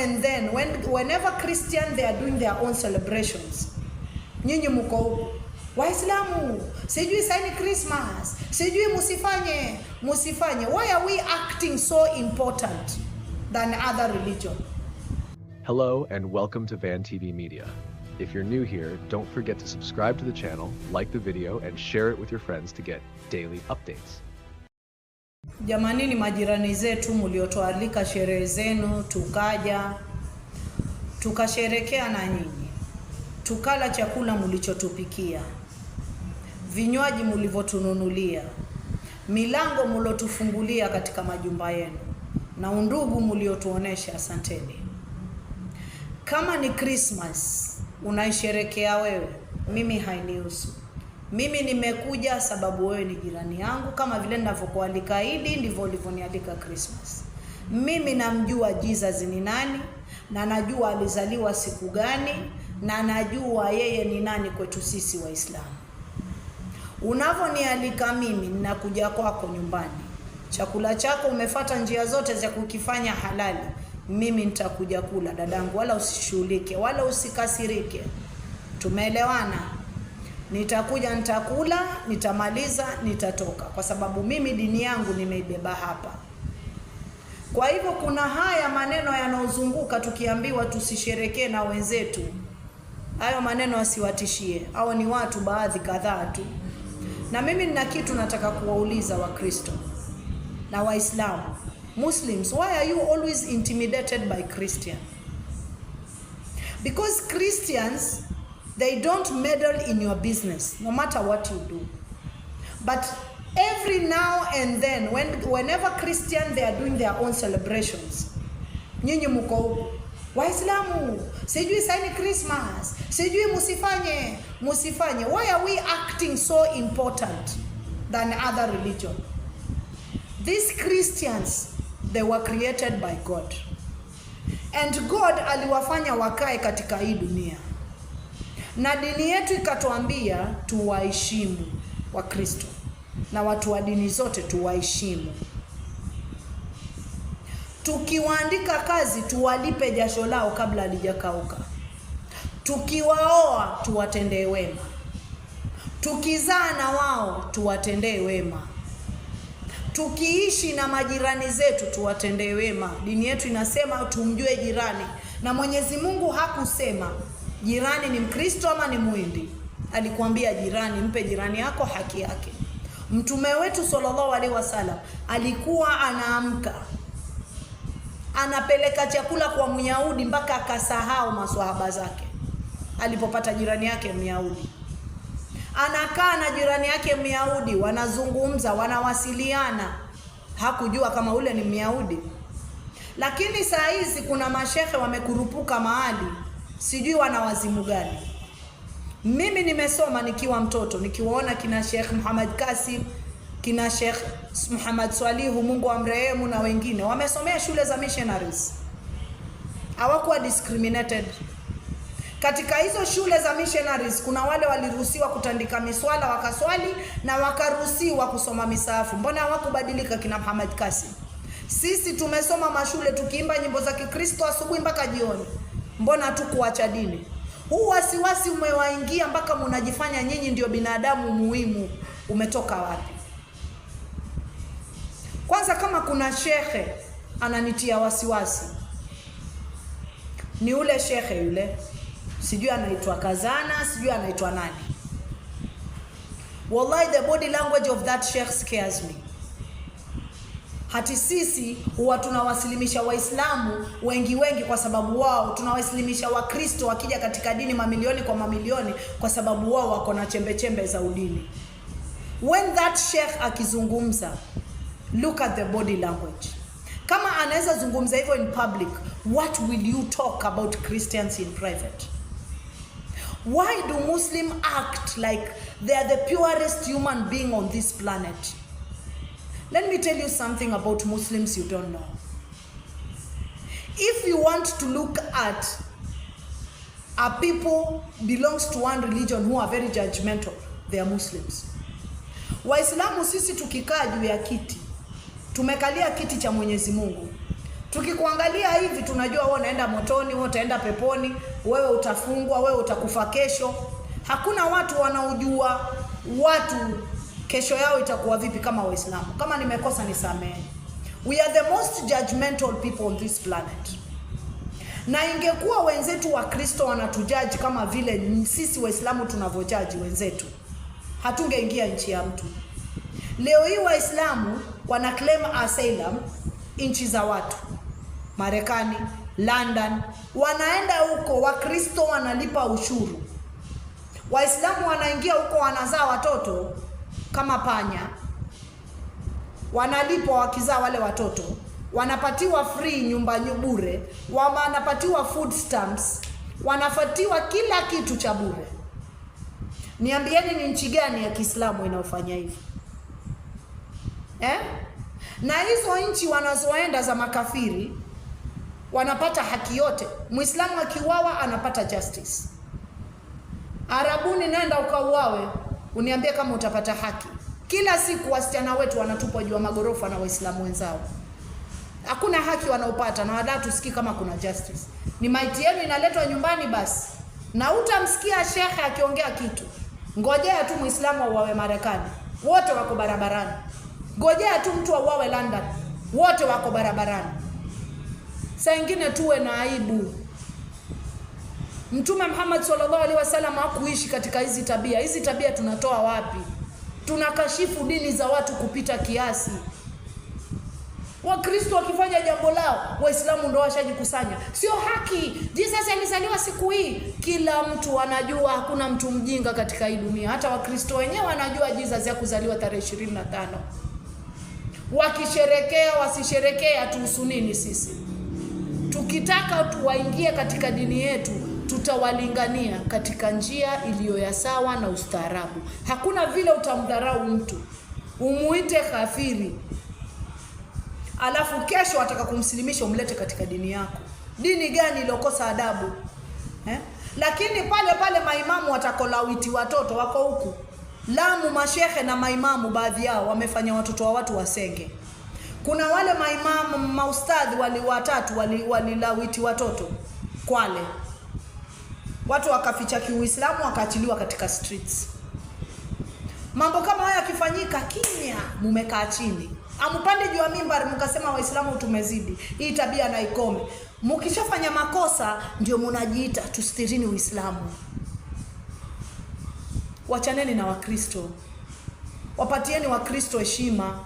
and then, when, whenever Christian they are doing their own celebrations, nyinyi mko huko Waislamu sijui saini Christmas, sijui musifanye musifanye. Why are we acting so important than other religion? Hello and welcome to Van TV Media. If you're new here, don't forget to subscribe to the channel, like the video, and share it with your friends to get daily updates. Jamani, ni majirani zetu mliotualika sherehe zenu, tukaja tukasherekea na nyinyi, tukala chakula mlichotupikia, vinywaji mlivyotununulia, milango mlotufungulia katika majumba yenu na undugu mliotuonesha, asanteni. Kama ni Christmas unaisherekea wewe, mimi hainihusu. Mimi nimekuja sababu wewe ni jirani yangu, kama vile ninavyokualika Idi ndivyo ulivyonialika Christmas. Mimi namjua Jesus ni nani na najua alizaliwa siku gani na najua yeye ni nani kwetu sisi Waislamu. Unavyonialika mimi, ninakuja kwako nyumbani, chakula chako umefata njia zote za kukifanya halali, mimi nitakuja kula dadangu, wala usishughulike wala usikasirike. Tumeelewana? nitakuja, nitakula, nitamaliza, nitatoka, kwa sababu mimi dini yangu nimeibeba hapa. Kwa hivyo kuna haya maneno yanayozunguka, tukiambiwa tusisherekee na wenzetu, hayo maneno asiwatishie au ni watu baadhi kadhaa tu. Na mimi nina kitu nataka kuwauliza Wakristo na Waislamu, Muslims, why are you always intimidated by Christian? Because Christians They don't meddle in your business, no matter what you do. But every now and then, when, whenever Christian, they are doing their own celebrations. Nyinyi mko Waislamu, sijui saini Christmas, sijui musifanye, musifanye. Why are we acting so important than other religion? These Christians, they were created by God. And God aliwafanya wakae katika hii dunia na dini yetu ikatuambia tuwaheshimu Wakristo na watu wa dini zote tuwaheshimu. Tukiwaandika kazi tuwalipe jasho lao kabla halijakauka. Tukiwaoa tuwatendee wema, tukizaa na wao tuwatendee wema, tukiishi na majirani zetu tuwatendee wema. Dini yetu inasema tumjue jirani, na Mwenyezi Mungu hakusema jirani ni Mkristo ama ni Muhindi? Alikuambia jirani, mpe jirani yako haki yake. Mtume wetu sallallahu alaihi wasallam alikuwa anaamka anapeleka chakula kwa Myahudi mpaka akasahau maswahaba zake alipopata jirani yake Myahudi. Anakaa na jirani yake Myahudi, wanazungumza, wanawasiliana. Hakujua kama ule ni Myahudi, lakini saa hizi kuna mashehe wamekurupuka mahali sijui wana wazimu gani. Mimi nimesoma nikiwa mtoto, nikiwaona kina Sheikh Muhammad Kasim, kina Sheikh Muhammad Swalihu, Mungu amrehemu, na wengine wamesomea shule za missionaries, hawakuwa discriminated katika hizo shule za missionaries kuna wale waliruhusiwa kutandika miswala wakaswali na wakaruhusiwa kusoma misaafu. Mbona hawakubadilika kina Muhammad Kasim? Sisi tumesoma mashule tukiimba nyimbo za Kikristo asubuhi mpaka jioni. Mbona tu kuacha dini? Huu wasiwasi umewaingia mpaka mnajifanya nyinyi ndio binadamu muhimu, umetoka wapi? Kwanza, kama kuna shekhe ananitia wasiwasi ni ule shekhe yule, sijui anaitwa Kazana, sijui anaitwa nani. Wallahi, the body language of that sheikh scares me hati sisi huwa tunawasilimisha Waislamu wengi wengi, kwa sababu wao tunawasilimisha Wakristo wakija katika dini mamilioni kwa mamilioni, kwa sababu wao wako na chembechembe za udini. When that sheikh akizungumza, look at the body language. Kama anaweza zungumza hivyo in public, what will you talk about Christians in private? Why do Muslim act like they are the purest human being on this planet? Let me tell you something about Muslims you don't know. If you want to look at a people belongs to one religion who are very judgmental, they are Muslims. Waislamu sisi tukikaa juu ya kiti, tumekalia kiti cha Mwenyezi Mungu. Tukikuangalia hivi tunajua wewe unaenda motoni, wewe utaenda peponi, wewe utafungwa, wewe utakufa kesho. Hakuna watu wanaojua watu kesho yao itakuwa vipi kama Waislamu. Kama nimekosa nisamehe. We are the most judgmental people on this planet. Na ingekuwa wenzetu wa Kristo wanatujaji kama vile sisi Waislamu tunavyojaji wenzetu, hatungeingia nchi ya mtu. Leo hii Waislamu wana claim asylum nchi za watu, Marekani, London, wanaenda huko. Wakristo wanalipa ushuru, Waislamu wanaingia huko, wanazaa watoto kama panya, wanalipwa wakizaa wale watoto, wanapatiwa free nyumba bure, wanapatiwa food stamps, wanafatiwa kila kitu cha bure. Niambieni, ni nchi gani ya Kiislamu inayofanya hivyo eh? Na hizo nchi wanazoenda za makafiri wanapata haki yote. Muislamu akiuawa anapata justice. Arabuni, nenda ukauawe uniambie kama utapata haki. Kila siku wasichana wetu wanatupwa juu ya magorofa na Waislamu wenzao, hakuna haki wanaopata, na wadau tusikii kama kuna justice. Ni maiti yenu inaletwa nyumbani basi, na utamsikia shekhe akiongea kitu. Ngojea tu Muislamu auawe Marekani, wote wako barabarani. Ngojea tu mtu auawe London, wote wako barabarani. Saa ingine tuwe na aibu. Mtume Muhammad sallallahu alaihi wasallam hakuishi katika hizi tabia. Hizi tabia tunatoa wapi? Tunakashifu dini za watu kupita kiasi. Wakristo wakifanya jambo lao, Waislamu ndio washajikusanya. Sio haki. Jesus alizaliwa siku hii, kila mtu anajua, hakuna mtu mjinga katika hii dunia. Hata Wakristo wenyewe wanajua Jesus kuzaliwa tarehe 25. Wakisherekea wasisherekea, tuhusu nini sisi? Tukitaka tuwaingie katika dini yetu, tutawalingania katika njia iliyo ya sawa na ustaarabu. Hakuna vile utamdharau mtu umuite kafiri alafu kesho ataka kumsilimisha umlete katika dini yako. Dini gani ilokosa adabu eh? Lakini pale pale maimamu watakolawiti watoto wako huku Lamu, mashehe na maimamu baadhi yao wamefanya watoto wa watu wasenge. Kuna wale maimamu maustadhi wali watatu walilawiti wali watoto Kwale watu wakaficha kiuislamu wakaachiliwa katika streets. Mambo kama haya yakifanyika, kimya, mumekaa chini, amupande juu ya mimbari mkasema waislamu tumezidi, hii tabia na ikome. Mkishafanya makosa ndio munajiita tustirini Uislamu. Wachaneni na Wakristo, wapatieni Wakristo heshima.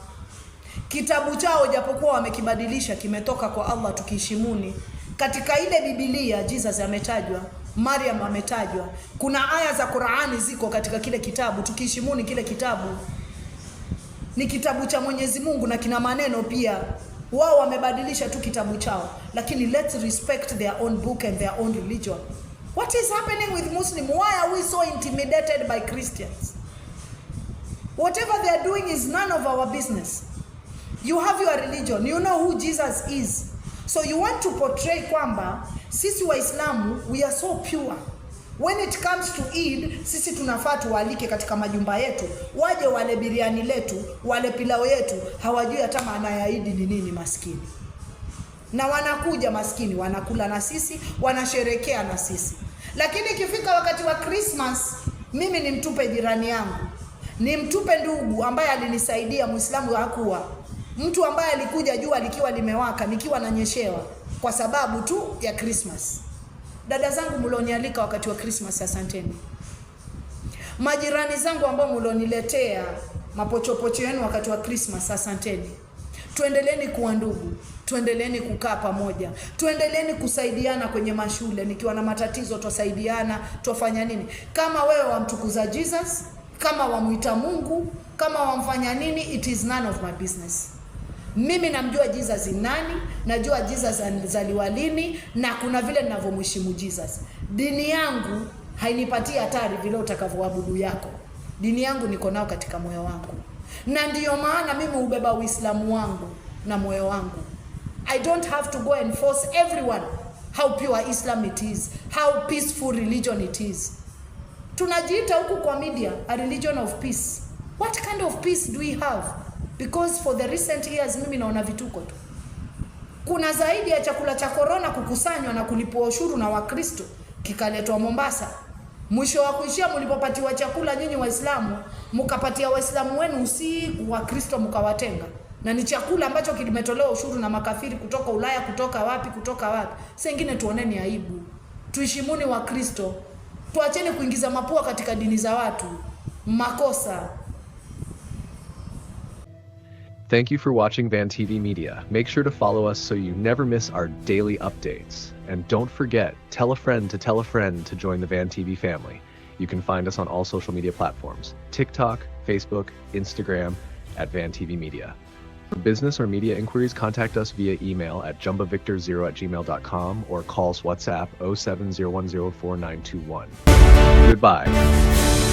Kitabu chao japokuwa wamekibadilisha kimetoka kwa Allah, tukiheshimuni. Katika ile Biblia Jesus ametajwa Mariam ametajwa. Kuna aya za Qur'ani ziko katika kile kitabu, tukiheshimuni kile kitabu ni kitabu cha Mwenyezi Mungu na kina maneno pia. Wao wamebadilisha tu kitabu chao, lakini let's respect their own book and their own religion. What is happening with Muslim? Why are we so intimidated by Christians? Whatever they are doing is none of our business. You have your religion. You know who Jesus is. So you want to portray kwamba sisi Waislamu we are so pure when it comes to Eid, sisi tunafaa tuwalike katika majumba yetu, waje wale biriani letu, wale pilao yetu. Hawajui hata maana ya Eid ni nini, maskini. Na wanakuja maskini, wanakula na sisi, wanasherekea na sisi. Lakini ikifika wakati wa Christmas, mimi nimtupe jirani yangu, nimtupe ndugu ambaye alinisaidia, Muislamu hakuwa mtu ambaye alikuja jua likiwa limewaka, nikiwa nanyeshewa kwa sababu tu ya Christmas. Dada zangu mlionialika wakati wa Christmas, asanteni. Majirani zangu ambao mlioniletea mapochopocho yenu wakati wa Christmas, asanteni. Tuendeleeni kuwa ndugu, tuendeleeni kukaa pamoja, tuendeleeni kusaidiana kwenye mashule. Nikiwa na matatizo twasaidiana, twafanya nini? Kama wewe wamtukuza Jesus, kama wamwita Mungu, kama wamfanya nini, it is none of my business. Mimi namjua Jesus nani, najua Jesus alizaliwa lini na kuna vile ninavyomheshimu Jesus. Dini yangu hainipatii hatari vile utakavyoabudu yako. Dini yangu niko nao katika moyo wangu, na ndiyo maana mimi hubeba Uislamu wangu na moyo wangu. I don't have to go and force everyone how pure Islam it is, how peaceful religion it is. Tunajiita huku kwa media a religion of peace. What kind of peace do we have? because for the recent years mimi naona vituko tu. Kuna zaidi ya chakula cha korona kukusanywa na kulipwa ushuru na Wakristo kikaletwa Mombasa. Mwisho wa kuishia mlipopatiwa chakula nyinyi Waislamu, mkapatia Waislamu wenu usiku, Wakristo mkawatenga, na ni chakula ambacho kilimetolewa ushuru na makafiri kutoka Ulaya, kutoka wapi, kutoka wapi. Sengine tuoneni aibu, tuheshimuni Wakristo, tuacheni kuingiza mapua katika dini za watu. Makosa Thank you for watching VanTV Media. Make sure to follow us so you never miss our daily updates. And don't forget, tell a friend to tell a friend to join the VanTV family. You can find us on all social media platforms TikTok, Facebook, Instagram, at TV Media. For business or media inquiries, contact us via email at jumbavictor0 at gmail.com or call us WhatsApp 070104921. Goodbye.